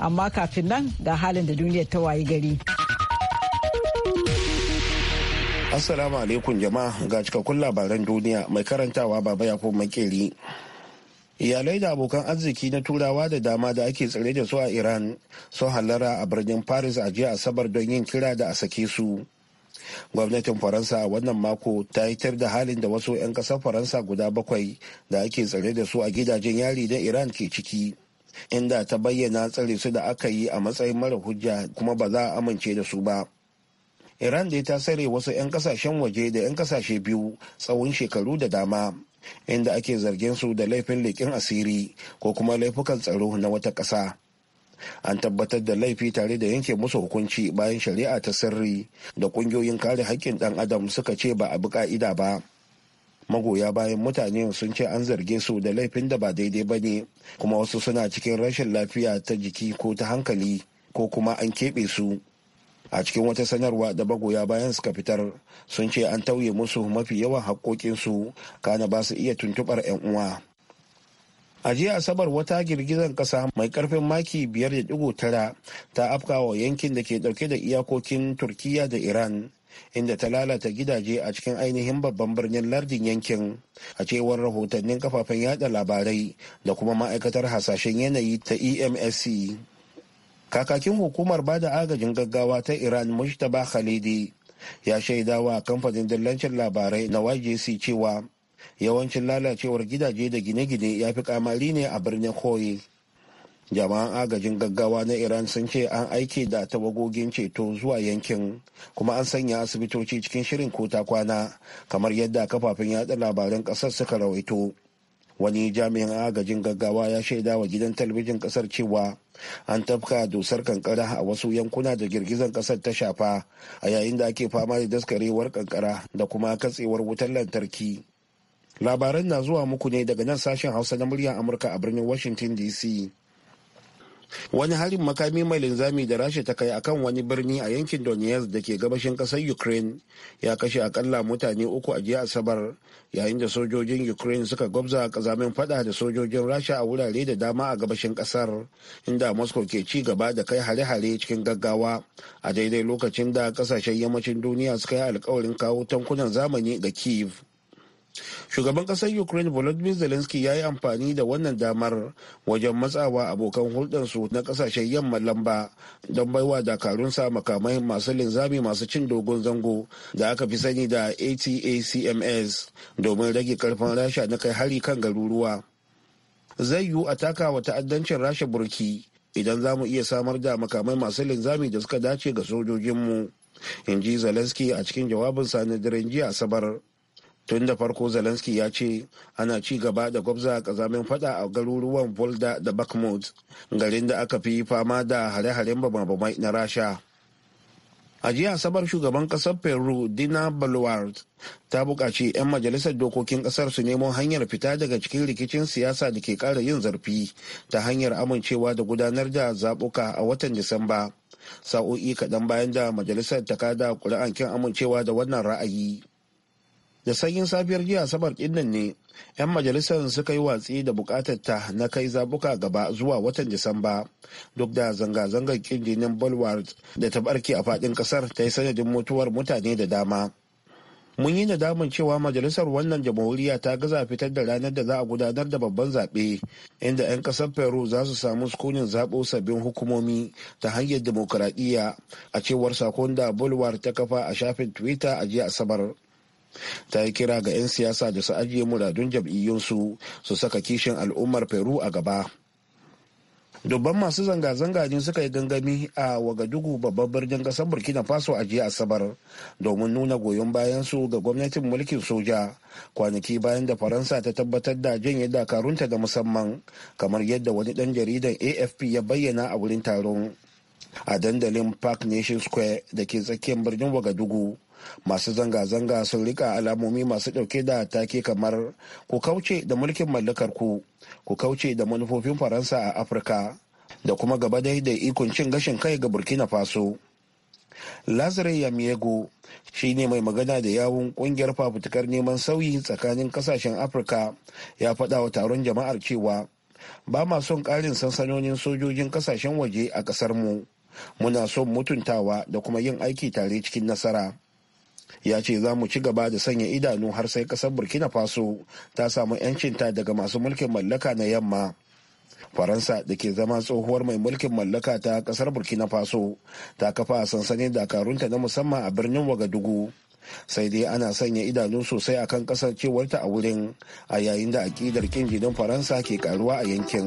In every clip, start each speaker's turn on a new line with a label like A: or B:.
A: amma kafin nan ga halin da duniyar ta wayi gari.
B: Assalamu alaikum jama'a ga cikakkun labaran duniya mai karantawa baba ya makeri. Iyalai da abokan arziki na turawa da dama da ake tsare da su a Iran sun halara a birnin Paris a jiya Asabar don yin kira da a sake su. Gwamnatin Faransa a wannan mako ta yitar da halin da wasu 'yan ƙasar Faransa guda bakwai da ake tsare da su a gidajen yari na Iran ke ciki. inda ta bayyana tsare su da aka yi a matsayin mara hujja kuma ba za a amince da su ba iran dai ta tsare wasu 'yan kasashen waje da 'yan kasashe biyu tsawon shekaru da dama inda ake zargin su da laifin leƙin asiri ko kuma laifukan tsaro na wata ƙasa an tabbatar da laifi tare da yanke musu hukunci bayan shari'a ta sirri da ƙungiyoyin kare haƙƙin ɗan adam suka ce ba a bi ƙa'ida ba magoya bayan mutane sun ce an zarge su da laifin da ba daidai ba ne kuma wasu suna cikin rashin lafiya ta jiki ko ta hankali ko kuma an keɓe su a cikin wata sanarwa da magoya bayan suka fitar sun ce an tauye musu mafi yawan haƙoƙinsu kana ba su iya tuntuɓar 'yan uwa a jiya asabar wata girgizar kasa mai karfin maki 5.9 ta afkawa yankin da ke dauke da iyakokin turkiya da iran inda ta lalata gidaje a cikin ainihin babban birnin lardin yankin a cewar rahotannin kafafen yada labarai da kuma ma'aikatar hasashen yanayi ta emsc kakakin hukumar bada agajin gaggawa ta iran mushtaba khalidi ya shaidawa kamfanin dillancin labarai na yjc cewa yawancin lalacewar gidaje da gine-gine ya fi kamari ne a birnin hoyi jama'an agajin gaggawa na iran sun ce an aike da tawagogin ceto zuwa yankin kuma an sanya asibitoci cikin shirin kota kwana kamar yadda kafafen yada labaran kasar suka rawaito wani jami'in agajin gaggawa ya shaida wa gidan talabijin kasar cewa an tafka dusar kankara a wasu yankuna da girgizan kasar ta shafa a yayin da ake fama da daskarewar kankara da kuma katsewar wutar lantarki labaran na zuwa muku ne daga nan sashen hausa na muryar amurka a birnin washington dc wani harin makami mai linzami da rasha ta kai akan wani birni a yankin donetsk da ke gabashin kasar ukraine ya kashe akalla mutane uku a jiya asabar yayin da sojojin ukraine suka gwabza kazamin fada da sojojin rasha a wurare da dama a gabashin kasar inda moscow ke ci gaba da kai hare-hare cikin gaggawa a daidai lokacin da kasashen yammacin duniya suka yi alkawarin kawo tankunan zamani ga kiev shugaban kasar ukraine volodymyr zelensky ya yi amfani da wannan damar wajen matsawa abokan hulɗarsu na ƙasashen yamma lamba don baiwa dakarunsa makamai masu linzami masu cin dogon zango da aka fi sani da atacms domin rage karfin rasha na kai hari kan garuruwa zai yiwu a taka wa ta'addancin rasha burki idan za mu iya samar da makamai masu linzami da suka dace ga sojojinmu in ji zelensky a cikin jawabinsa na daren jiya asabar tun da farko zelensky ya ce ana ci gaba da gwabza kazamin fada a garuruwan volda da bakhmut garin da aka fi fama da hare-haren babamai na rasha a jiya asabar shugaban kasar peru dina boluart ta buƙaci 'yan majalisar dokokin kasar su nemo hanyar fita daga cikin rikicin siyasa da ke kara yin zarfi ta hanyar amincewa da gudanar da zaɓuka a watan disamba sa'o'i kaɗan bayan da majalisar ta kada kuri'an kin amincewa da wannan ra'ayi da sanyin safiyar jiya asabar kinnan ne 'yan majalisar suka yi watsi da bukatar ta na kai zabuka gaba zuwa watan disamba duk da zanga-zangar ƙinjinin bulwark da ta barke a fadin kasar ta yi sanadin mutuwar mutane da dama mun yi nadamun cewa majalisar wannan jamhuriya ta gaza fitar da ranar da za a gudanar da babban zaɓe inda 'yan ƙasar peru za su samu sukunin zaɓo sabbin hukumomi ta hanyar demokuraɗiyya a cewar sakon da bulwar ta kafa a shafin twitter a jiya asabar ta yi kira ga 'yan siyasa da su ajiye muradun jam'iyyunsu su saka kishin al'ummar peru a gaba dubban masu zanga-zanga ne suka yi gangami a wagadugu babban birnin kasar burkina faso a jiya asabar domin nuna goyon bayan su ga gwamnatin mulkin soja kwanaki bayan da faransa ta tabbatar da janye dakarunta da musamman kamar yadda wani dan jaridan afp ya bayyana a wurin taron a dandalin park nation square da ke tsakiyar birnin wagadugu masu zanga-zanga sun rika alamomi masu ɗauke da take kamar ku kauce da mulkin mallakar ku ku kauce da manufofin faransa a afirka da kuma gaba dai da ikon cin gashin kai ga burkina faso lazare yamiego shi ne mai magana da yawun kungiyar fafutukar neman sauyi tsakanin kasashen afirka ya faɗa wa taron jama'ar cewa ba ma son ƙarin sansanonin sojojin kasashen waje a ƙasar mu muna son mutuntawa da kuma yin aiki tare cikin nasara ya ce za mu ci gaba da sanya idanu har sai kasar burkina faso ta samu 'yancinta daga masu mulkin mallaka na yamma faransa da ke zama tsohuwar mai mulkin mallaka ta kasar burkina faso ta kafa a sansanin dakarunta na musamman a birnin wagadugu sai dai ana sanya idanu sosai a kan kasancewarta a wurin a yayin da aƙidar kin jinin faransa ke karuwa a yankin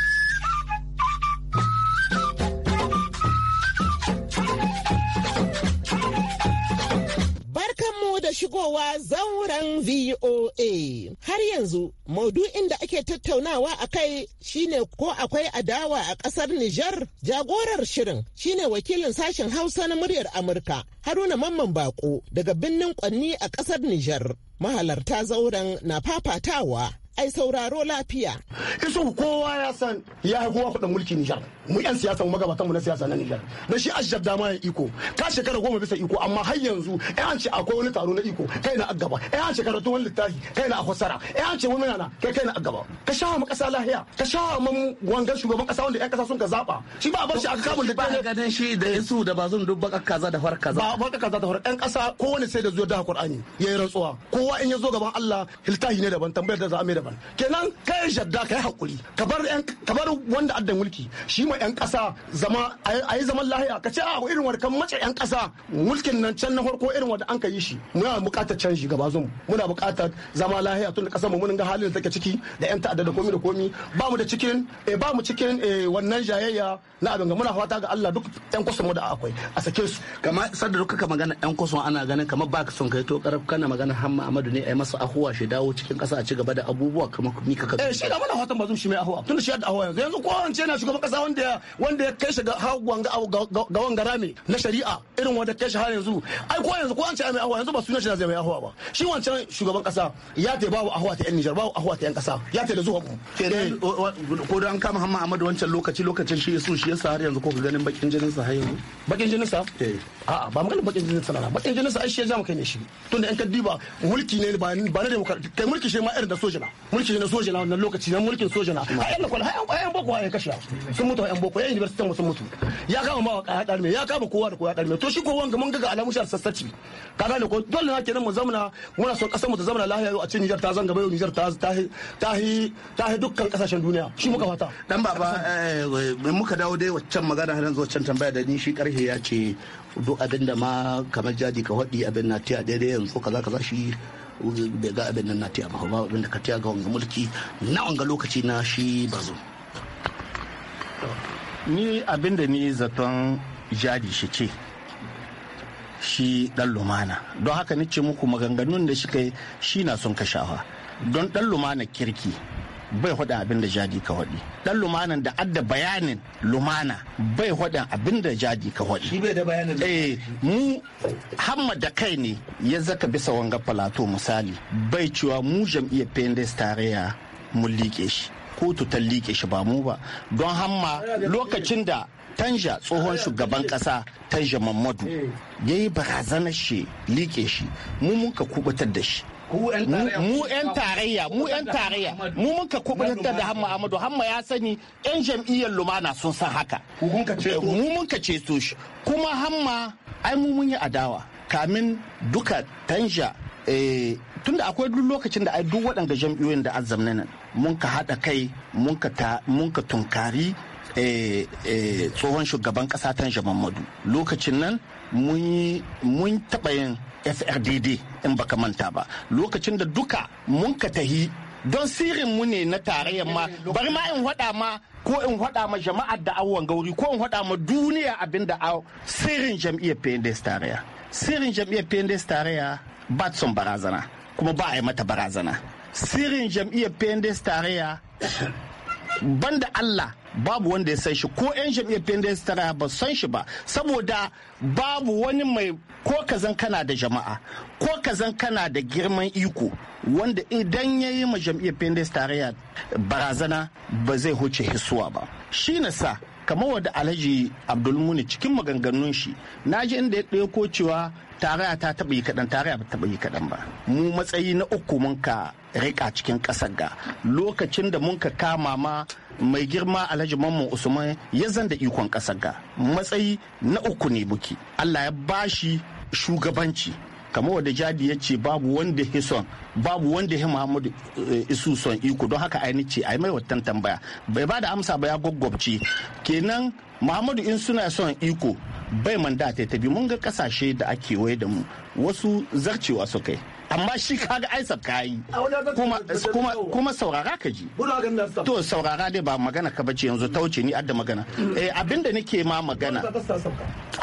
C: zauren VOA. Har yanzu maudu'in da ake tattaunawa a kai shine ko akwai adawa a ƙasar Nijar? Jagorar shirin shine wakilin sashen Hausa na muryar Amurka Haruna Mamman Bako daga birnin Kwanni a ƙasar Nijar. Mahalarta zauren na fafatawa ai sauraro lafiya. Isu kowa ya san ya haguwa kuɗin mulki Nijar. mu yan siyasa mu magabatan mu na siyasa na Niger da shi Ashraf dama ya iko ka shekara goma bisa iko amma har yanzu ai eh, an ce akwai wani taro na iko kai na agaba ai eh, an shekara tun wani littafi kai na akwasara ai eh, an ce wani na kai kai na agaba ka shawa mu kasa lahiya ka shawa mu wangan shugaban kasa wanda yan kasa sun ka zaba shi ba a bar shi aka kamun da ba ganin shi da yasu da ba zan dubba kaza da far kaza ba ba kaza da far yan kasa kowane sai da zuwa da Qur'ani yayi rantsuwa kowa in ya zo gaban Allah littafi ne daban tambayar da za a mai daban kenan kai shadda kai hakuri ka bar yan ka bar wanda addan mulki shi ma 'yan ƙasa zama a yi zaman lahiya ka ce a ah, irin wani kan mace 'yan ƙasa mulkin nan can na farko irin wanda an ka yi shi muna buƙatar canji gaba zuwa muna buƙatar zama lahiya tun da ƙasar mu mun ga halin da take ciki da 'yan ta'adda da komi da komi ba mu da cikin eh, ba mu cikin eh, wannan jayayya na abin ga muna fata ga Allah duk 'yan mu da akwai a sake su kamar sadda duk ka magana 'yan kwasan ana ganin kamar ba ka son kai to karaf kana magana Hamma Amadu ne ai masa ahuwa shi dawo cikin ƙasa a ci gaba da abubuwa kamar ni ka eh shi da muna fatan ba zum shi mai ahuwa tun da shi da ahuwa yanzu ko an ce na shugaban ƙasa wanda wanda wanda ya kai shi ga hawan ga wanga rami na shari'a irin wanda kai shi har yanzu ai ko yanzu ko an ce mai ahwa yanzu ba sunan shi na zai mai ahwa ba shi wancan shugaban kasa ya ta bawo ahwa ta yan Niger bawo ahwa ta yan kasa ya ta da zuwa mu eh. ko dan an kama Hamma Ahmadu wancan lokaci lokacin shi yasu shi yasa har yanzu ko ka ganin bakin jinin sa har yanzu bakin jinin sa eh a'a ba magana bakin jinin sa na bakin jinin sa ai shi ya jama kai ne shi tunda an ka diba mulki ne ba na demokrati kai mulki shi ma irin da sojina mulki ne na sojina wannan lokaci na mulkin sojina ai an kwal ai an boko ai kashi sun mutu yan boko yan university wasu mutu ya kama ma ya darme ya kama kowa da kowa darme to shi ko wanga mun ga alamu shar sassaci ka gane ko dole na nan mu zamana muna so kasar mu ta zamana lahiya a cikin Niger ta zanga bayo Niger ta ta ta ta dukkan kasashen duniya shi muka fata dan baba mai eh, eh, muka dawo dai waccan magana har yanzu waccan tambaya da ni shi karhe ya ce duk abin da ma kamar jadi ka hodi abin na tiya daidai yanzu kaza kaza shi bai ga abin nan na tiya ba abin da ka tiya ga wanga mulki na wanga lokaci na shi bazo ni abinda ni zaton jadi shi ce shi dan lumana don haka ni ce muku maganganun da shika shi na son kashawa don dan lumana kirki bai hudun abin da jadi ka hudi dan lumanan da adda bayanin lumana bai hudun abin da jadi ka hudi shi bai da bayanin eh mu hamma da kai ne ya zaka bisa wanga falato misali bai cewa mu jam'iyyar pendes tarayya mun liƙe shi kotu ta liƙe shi ba mu ba don hamma lokacin da tanja tsohon shugaban kasa tanja mamadu ya yi barazanar shi liƙe shi mu mun ka kubutar da shi mu 'yan tarayya mu 'yan tarayya mu muka kubutar da hamma amadu hamma ya sani 'yan jam'iyyar lumana sun san haka mu muka ceto shi kuma hamma ai mu mun yi adawa kamin duka tanja eh, tunda akwai duk lokacin da ai duk waɗanda jam'iyyoyin da azzam nan mun ka haɗa kai mun ka tunkari eh, eh, tsohon shugaban ƙasa Jaman Madu. lokacin nan mun taɓa yin frdd in baka manta ba lokacin da duka mun ka tahi don sirrin mu ne na tarayyar ma bari ma in hada ma ko in hada ma jama'ar da awon gauri ko in hada ma duniya abinda da sirrin jam'iyyar pnds tarayya sirrin jam'iyyar pnds tarayya ba son barazana kuma ba a yi mata barazana sirrin jam'iyyar pendes tarayya banda allah babu wanda ya san shi ko 'yan jam'iyyar pendes tarayya ba san shi ba saboda babu wani mai ko kazan kana da jama'a ko kazan kana da girman iko wanda idan ya yi ma jam'iyyar pendes tarayya barazana ba zai huce hisuwa ba shi na sa kamar wadda alhaji abdulmuni cikin maganganun shi na ji inda ya ɗauko cewa tarayya ta taba yi kaɗan tarayya ba taɓa yi kaɗan ba mu matsayi na uku mun ka rika cikin ƙasar ga lokacin da mun ka kama ma mai girma alhaji mamman usman ya zanda ikon ƙasar ga matsayi na uku ne muke allah ya bashi shugabanci kamar wadda jadi ya ce babu wanda hison babu wanda ya muhammadu eh, isu son iko don haka aini ce a yi mai tambaya bai ba da amsa ba ya gwaggwabce kenan muhammadu in suna son iko bai manda ta tabi mun ga kasashe da ake waye da mu wasu zarcewa su kai amma shi kaga aisab ka yi kuma saurara ka ji to saurara dai ba magana ka bace yanzu ta wuce ni adda magana eh abinda nake ma magana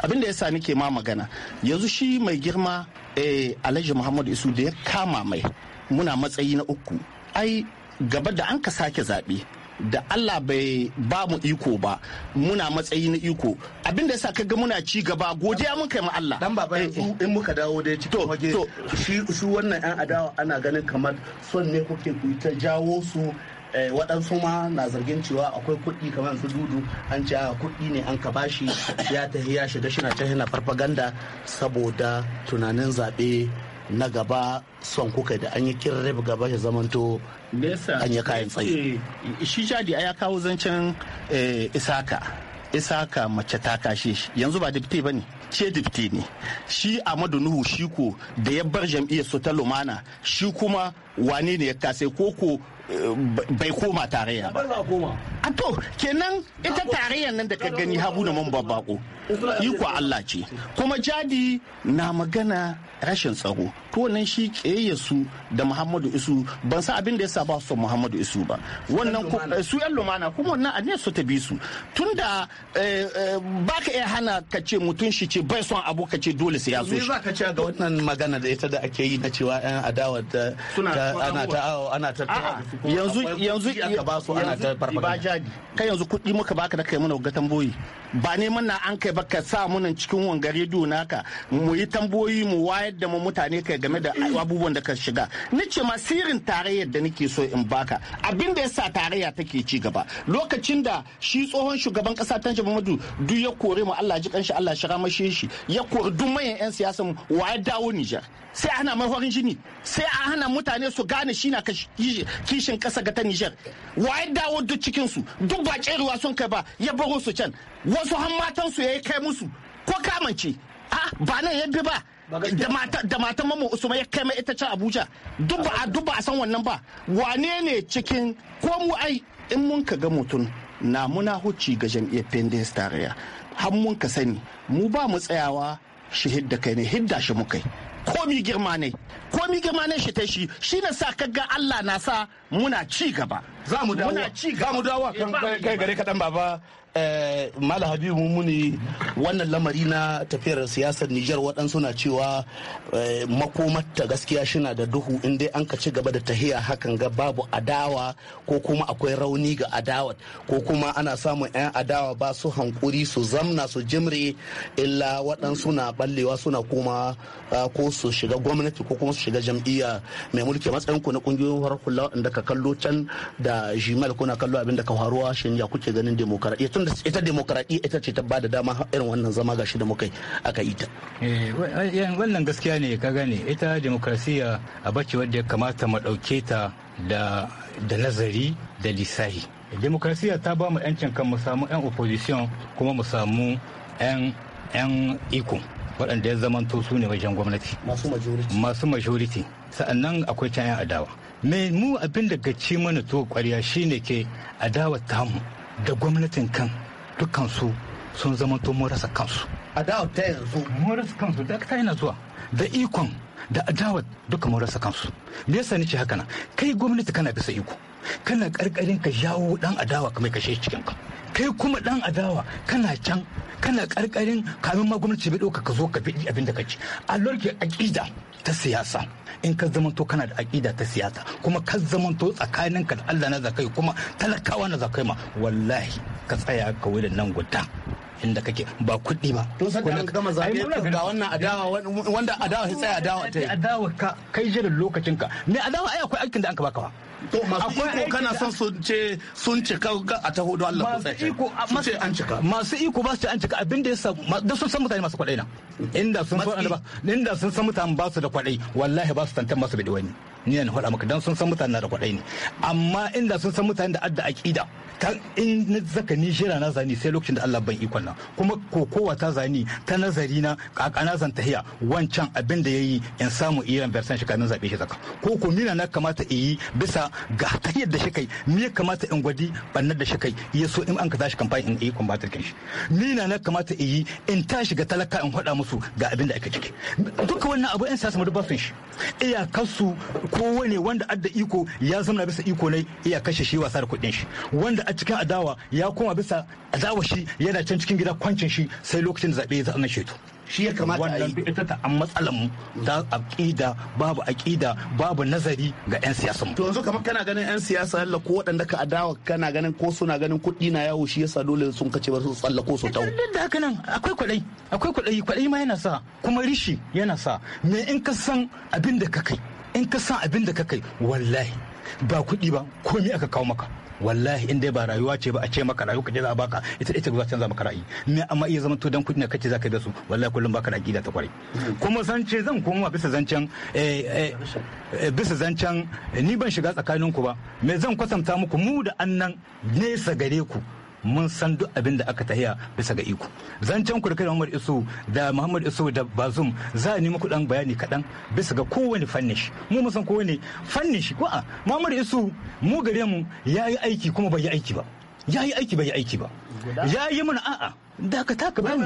C: abinda yasa nake ma magana yanzu shi mai girma eh Alhaji Muhammadu Isu da ya kama mai muna matsayi na uku ai gaba da an ka sake zaɓe da Allah bai ba mu iko ba muna matsayi na iko abinda da yasa kaga muna ci gaba godiya mun kai mu Allah dan baba eh, eh. in muka dawo da cikin waje shi shi wannan yan adawa ana ganin kamar son ne kuke ku ta jawo su eh, waɗansu ma na zargin cewa akwai kuɗi kamar su dudu an ce kuɗi ne an ka bashi ya tafi ya shiga shi na farfaganda saboda tunanin zaɓe na gaba son kuka da an yi kirrib gaba ya zamanto an yi kayan tsaye eh, shi jadi ya kawo zancen eh, isaka isaka mace ta kashe shi yanzu ba dipte ba ne ce dipte ne shi amadu nuhu shi ko da ya bar jam'iyyar su ta lumana shi kuma wane ne ya kase koko bai koma tarayya ba a to kenan ita tarayyar nan da ka gani habu da man yi iko Allah ce kuma jadi na magana rashin tsaro to nan shi keye su da Muhammadu Isu ban san abin da yasa ba su Muhammadu Isu ba wannan su yan lumana kuma wannan a su ta bi su tunda eh, eh, ba ka iya hana ka ce mutum shi ce bai son abu ka ce dole sai ya zo shi ka ce ga wannan magana da ita da ake yi na cewa yan adawa da ana ta ana ta yanzu yanzu ya ba su ana ta barbara kai yanzu kuɗi muka baka da kai mana ga tamboyi ba neman na an kai ba ka sa munan cikin wangare rediyo naka mu yi tamboyi mu wayar da mu mutane kai game da abubuwan da ka shiga ni ce ma sirrin tarayyar da nake so in baka abin da yasa tarayya take ci gaba lokacin da shi tsohon shugaban kasa Tanji Muhammadu duk ya kore mu Allah ji kanshi Allah shira mashe shi ya kori duk manyan yan siyasa mu wa ya dawo Nijar sai ana mai horin jini sai a hana mutane su gane shi na kishin kasa ga ta Nijar wa dawo duk cikin su duk ba kerewa sun kai ba ya baro su can wasu han matan su yayi kai musu ko kamance a ah, ba nan ya bi ba da matan mamu usuma ya kai mai ita can abuja duk ba a san wannan ba wane ne cikin ko mu ai in mun ka ga mutum na muna huci ga jam'iyyar pendin tarayya har mun ka sani mu ba mu tsayawa shi hidda kai ne hidda shi mu kai komi girma ne komi girma ne shi ta shi shi na sa kaga Allah na sa muna ci gaba za mu dawo za mu dawo kan eh, kai gare kaɗan baba eh, mala habibu muni wannan lamari na tafiyar siyasar nijar waɗansu na cewa eh, makomarta gaskiya shina da duhu in dai an ka ci gaba da tahiya hakan ga babu adawa ko kuma akwai rauni ga adawa ko kuma ana samun 'yan adawa ba su hankuri su zamna su jimre illa waɗansu na ballewa suna koma ah, ko su shiga gwamnati ko kuma su shiga jam'iyya mai mulki matsayin ku na kungiyoyin harkula inda ka kallo can da jimal kuna kallo abin da ka faruwa shin ya kuke ganin demokaradiyya da ita demokaradiyya ita ce ta ba da dama irin wannan zama gashi da muka yi aka yi ta.
D: Eh, eh, wannan gaskiya ne ka gane ita demokrasiya a bace wadda ya kamata mu ɗauke ta da nazari da lissahi demokrasiya ta ba mu 'yancin kan mu samu 'yan opposition kuma mu samu 'yan iko waɗanda ya zamanto su ne wajen gwamnati masu majority sa'annan akwai ta 'yan adawa me mu abin da gaci mana to kwarya shine ke adawa mu da gwamnatin kan dukansu sun zamanto mun rasa kansu adawa ta yanzu mun rasa kansu da ta yana zuwa da ikon da adawa duka mun rasa kansu me yasa nace haka na kai gwamnati kana bisa iko kana karkarin ka jawo dan adawa ka mai kashe cikin ka kai kuma dan adawa kana can kana karkarin kamin ma gwamnati bai dauka ka zo ka fidi abin da ka ci a lokacin aqida ta siyasa in ka zamanto kana da aqida ta siyasa kuma ka zamanto tsakaninka da Allah na zakai kuma talakawa na zakai ma wallahi ka tsaya ka wurin nan guda inda kake ba kuɗi ba. Tun sai da gama zaɓe ga
C: wannan adawa wanda adawa sai tsaya adawa ta yi. Adawa ka kai jirin lokacin ka. Me adawa ai akwai aikin da an ka baka ba. to masu iko kana son sun ce cika a ta hudu Allah
D: masu iko an cika masu iko ba su ce an cika abin da yasa da sun san mutane masu kwadai na inda sun san inda sun san mutane ba su da kwadai wallahi ba su tantan masu bidi wani ni na faɗa maka don sun san mutane da kwaɗai ne amma inda sun san mutane da adda aƙida ta in na zaka ni shira na zani sai lokacin da Allah ban ikon nan kuma kokowa ta zani ta nazari na kakana zan tahiya wancan abin da yayi in samu iran versan shi kanin zabe shi zaka ko ko mina na kamata in yi bisa ga hanyar da shi kai me ya kamata in gwadi bannar da shi kai ya so in an ka tashi kamfani in yi kwambatar kan shi nina na kamata in yi in tashi ga talaka in faɗa musu ga abin da aka ciki duka wannan abu yan siyasa mu dubba sun shi iyakarsu kowane wanda adda iko ya zama bisa iko ne iya kashe shi wasa da kuɗin shi wanda a cikin adawa ya koma bisa adawa shi yana can cikin gida kwancin shi sai lokacin zaɓe ya zaɓe shi shi ya kamata wannan duk ita ta an matsalar mu da aqida babu aqida babu nazari ga yan siyasa mu
C: to yanzu kamar kana ganin yan siyasa yalla ko waɗanda ka adawa kana ganin ko suna ganin kuɗi na yawo shi yasa dole sun kace bar su tsalla ko su tawo duk da haka nan akwai kuɗai akwai kuɗai kuɗai ma yana sa
D: kuma rishi yana sa me in ka san abin da ka kai in ka san abin da ka kai wallahi ba kuɗi ba komi aka kawo maka wallahi in dai ba rayuwa ce ba a ce maka rayuwa kaje za a baka ita ita za canza maka ra'ayi me amma iya zama to dan kuɗi ne kace zaka da su wallahi kullum baka da gida ta kware kuma ce, zan koma bisa zancen eh, eh, eh, bisa zancen ni ban shiga tsakanin ku ba me zan kwatanta muku mu da annan nesa gare ku mun san duk abin da aka tahiya bisa ga iko zancen ku da kai Muhammad Isu da Muhammad Isu da Bazum za a nemi kudan bayani kadan bisa ga kowane fannish mu mun san kowane fannish ko a Muhammad Isu mu gare mu yayi aiki kuma bai yi aiki ba yayi aiki bai yi aiki ba yayi mana a'a da ka taka bani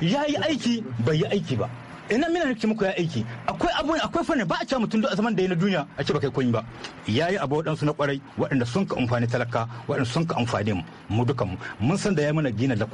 D: yi aiki bai yi aiki ba ina mina nake muku ya aiki akwai abun akwai fanni ba a cewa mutum duk a zaman da ya na duniya a ce ba kai koyi ba yayi abu waɗansu na kwarai waɗanda sun ka amfani talaka waɗanda sun ka amfani mu mu dukan mu mun san da ya mana gina da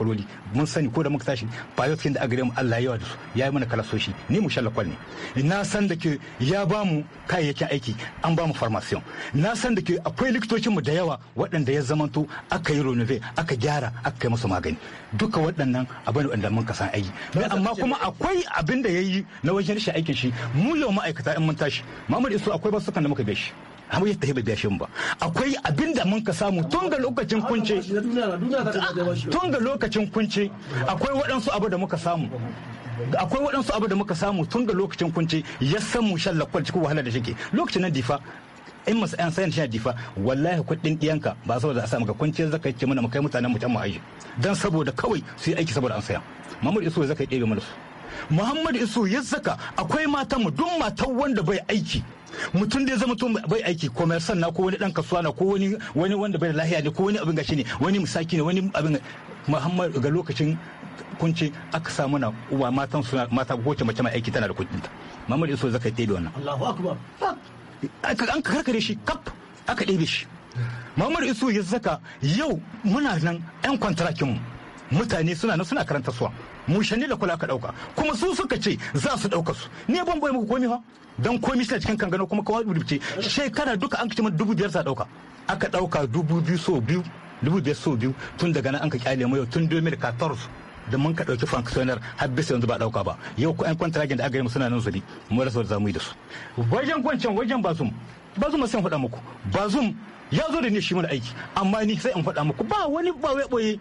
D: mun sani ko da muka tashi ba yau da agare mu Allah yawa da su yayi mana kala soshi ni mu shalla kwalni na san da ke ya ba mu kayayyakin aiki an ba mu farmasiyon na san da ke akwai likitocin mu da yawa waɗanda ya zamanto aka yi renove aka gyara aka kai musu magani duka waɗannan abin da mun ka san aiki amma kuma akwai abin da yi. yi na wajen rashin aikin shi mu yau ma'aikata in mun tashi mamar Isu akwai ba sukan da muka gaishe amma yadda ya bai shi ba akwai abin da mun ka samu tun ga lokacin kunce tun ga lokacin kunce akwai waɗansu abu da muka samu akwai waɗansu abu da muka samu tun ga lokacin kunce ya san mu shan lakwal cikin wahala da shike lokacin nan difa in masu yan sayan shan difa wallahi kuɗin ɗiyanka ba saboda a samu ka kunce zaka yake mana mu kai mutanen mu can mu aiki dan saboda kawai su yi aiki saboda an saya mamur iso zaka yi ɗebe mana su muhammad isu ya saka akwai mata mu duk matan wanda bai aiki mutum da ya zama tun bai aiki ko san na ko wani dan kasuwa na ko wani wani wanda bai lahiya ne ko wani abin gashi ne wani musaki ne wani abin muhammad ga lokacin kunci aka samu na uwa matan suna mata ce mace mai aiki tana da kudin ta muhammad isu zaka tayi da wannan Allahu akbar an karkare shi kap aka ɗebe shi muhammad isu ya saka yau muna nan yan kwantarakin mutane suna nan suna karanta suwa mun shani da kula ka dauka kuma su suka ce za su dauka su ne ban bai muku komai fa dan komai shi cikin kangano kuma kawai ce shekara duka an kace mana dubu biyar za dauka aka dauka dubu biyu so biyu dubu biyar so biyu tun daga nan an ka kyale mai tun 2014 da mun ka ɗauki functioner har bisa yanzu ba ɗauka ba yau ko 'yan kwantaragin da aka yi suna nan zuri mu rasa za zamu yi da su wajen kwancan wajen bazum bazum sun faɗa muku bazum ya zo da ni shi mana aiki amma ni sai in faɗa muku ba wani ba wai boye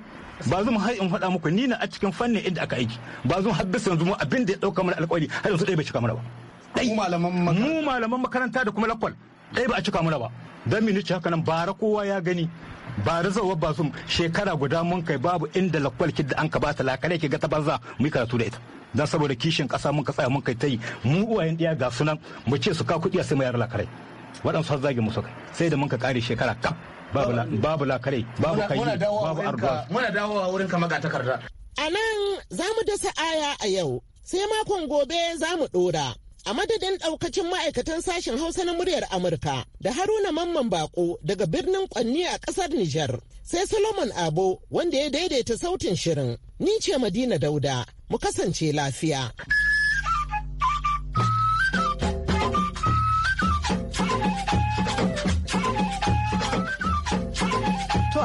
D: ba zan har in faɗa muku ni na a cikin fannin inda aka aiki ba zan har bisa yanzu abin da ya ɗauka mana alƙawari har yanzu ɗaya bai cika mana ba mu malaman makaranta da kuma lakwal ɗaya ba a cika mana ba don mini ci haka nan bara kowa ya gani ba razawa ba zum shekara guda mun kai babu inda lakwal kidda an ka bata lakare ki ga ta banza mu yi karatu da ita don saboda kishin ƙasa mun ka tsaya mun kai ta yi mu uwayen ɗiya ga sunan mu ce su ka kuɗi a sai mu yara lakare. waɗansu har zagin musu kai sai da mun ka kare shekara kaf babu lakare babu kai babu arduwa muna dawowa wurin ka maga takarda
C: a nan za mu dasa aya a yau sai makon gobe za mu ɗora a madadin ɗaukacin ma'aikatan sashen hausa na muryar amurka da haruna mamman bako daga birnin kwanni a ƙasar nijar sai solomon abo wanda
A: ya daidaita sautin shirin ni ce madina dauda mu kasance lafiya.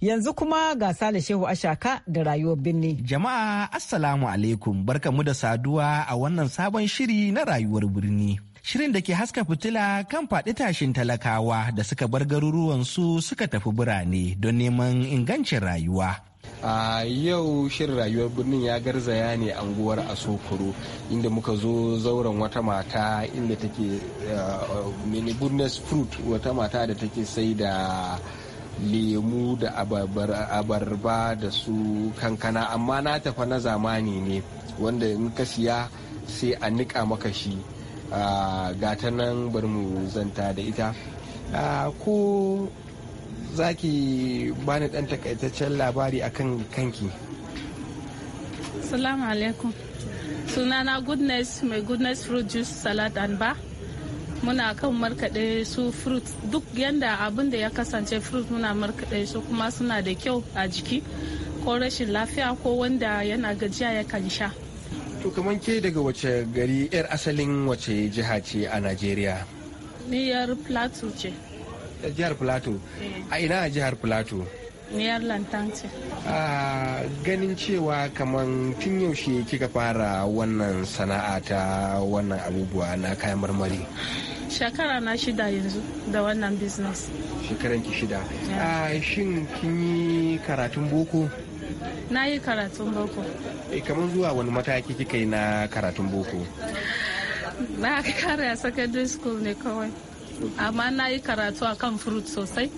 A: Yanzu kuma ga Sale Shehu Ashaka da rayuwar birni. Jama'a Assalamu alaikum barkamu da saduwa a wannan
E: sabon shiri na rayuwar birni. Shirin da ke haska fitila kan faɗi tashin talakawa da suka bar garuruwan su suka tafi birane don neman ingancin rayuwa. a yau shirin rayuwar birnin ya garzaya ne anguwar asokoro inda muka zo zauren wata mata inda take uh, fruit wata mata da take sai da lemu da abarba da su kankana amma na tafa na zamani ne wanda in ka siya sai a niƙa maka shi gata nan bari mu zanta da ita ko za ki bani ɗan takaitaccen labari akan kanki
F: salamu alaikum sunana goodness mai goodness fruit juice salad and bar muna kan markaɗe su fruit duk yanda abin da ya kasance fruit muna markaɗe su kuma suna da kyau a jiki ko rashin lafiya ko wanda yana gajiya ya kan sha
E: to kamar ke daga wace gari yar asalin wace jiha ce a najeriya
F: ni yar plateau ce
E: jihar plateau eh. a ina jihar plateau
F: niyar lantance.
E: a ganin cewa kamar tun yaushe kika fara wannan sana'a ta wannan abubuwa na kayan marmari
F: shekara na shida yanzu da wannan business
E: shekaran ki shida a shin kin yi karatun boko
F: na yi karatun boko
E: eh, kamar zuwa wani mataki kika yi na karatun boko
F: na kare a secondary school ne kawai amma na yi karatu a kan fruit sosai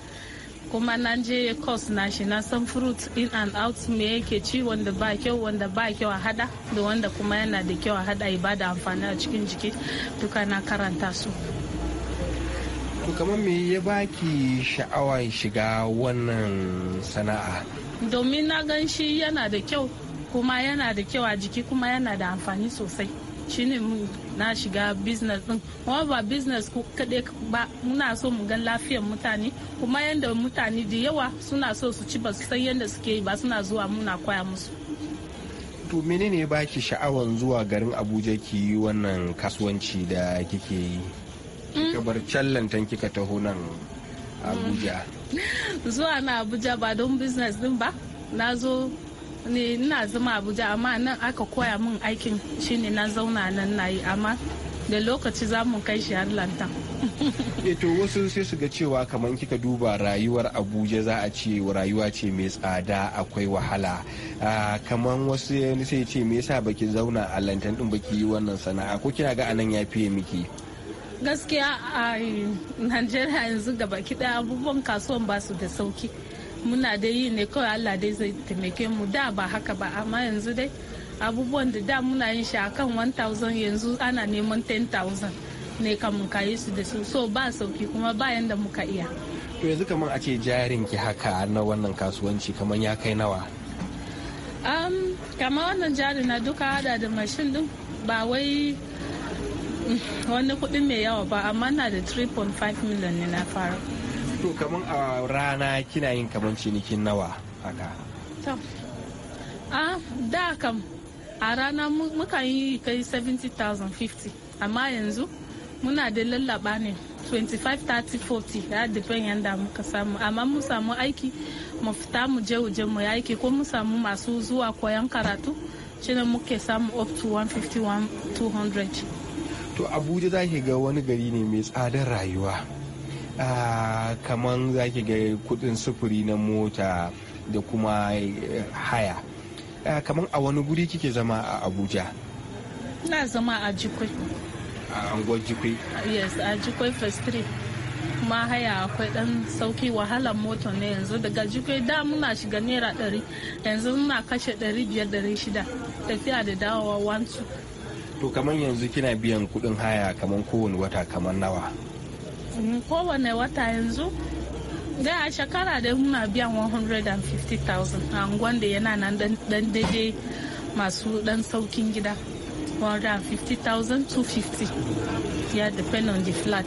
F: kuma na je course na shi na san fruit in and out me yake ci wanda ba kyau wanda ba kyau a hada da wanda kuma yana da kyau a hada ibada amfani a cikin jiki duka na karanta su
E: to kamar me ya baki sha'awa shiga wannan sana'a
F: domin na gan shi yana da kyau kuma yana da kyau a jiki kuma yana da amfani sosai shine na shiga business din kuma ba business ku kaɗai ba muna so mu gan lafiyar mutane kuma yadda mutane da yawa suna so su ci ba su san yadda suke yi ba suna zuwa muna koya musu
E: to menene ba ki sha'awan zuwa garin abuja ki yi wannan kasuwanci da kike yi mm. kika bar can kika taho nan abuja
F: zuwa na abuja ba don business din ba na zo ne ina zama abuja amma nan aka koya min aikin shine na zauna nan na yi amma da lokaci za mu kai shi har lantan
E: eh, to wasu sai su ga cewa kamar kika duba rayuwar abuja za a ce rayuwa ce mai tsada akwai wahala ah, kamar wasu sai ce me yasa baki zauna a lantan din baki yi wannan sana'a ko kina ga anan ya fiye miki
F: gaskiya a najeriya yanzu gaba kiɗa abubuwan kasuwan ba su da sauki muna da yi ne kawai allah dai zai taimake mu da ba haka ba amma yanzu dai abubuwan da da muna yin shi akan 1000 yanzu ana neman 10000 ne kamun ka yi su da su so ba sauki kuma bayan da muka iya
E: to yanzu kamar a ce jarin ki haka na wannan kasuwanci kamar ya kai nawa
F: um, kamar wannan jarin na duka hada da mashin din ba wai mm, wani kuɗi mai yawa ba amma na da 3.5 miliyan ne na fara
E: to kaman a rana kina yin kamar cinikin nawa haka
F: a da kam a rana muka yi kai 70,050 amma yanzu muna da lallaba ne 25-30-40 ya depend yadda muka samu amma mu samu aiki mu fita mu je waje mu aiki ko mu samu masu zuwa koyan karatu shine muke samu up to 150-200
E: to abuja za ga wani gari ne mai tsadar rayuwa kamar za ki ga kudin sufuri na mota da kuma eh, haya kamar a wani guri kike zama a abuja
F: na zama a jikwai
E: a anguwar jikwai
F: yes a jikwai first kuma haya akwai dan sauki wahalar mota ne yanzu daga jikwai da muna shiga naira ɗari yanzu muna kashe ɗari biyar ɗari shida tafiya da dawowa wancu
E: to kamar yanzu kina biyan kuɗin haya kamar kowane wata kamar nawa
F: kowane wata yanzu da a shekara da muna biyan 150,000 a angon da yana nan dan daje masu dan saukin gida 150,000 250 ya depend on the flat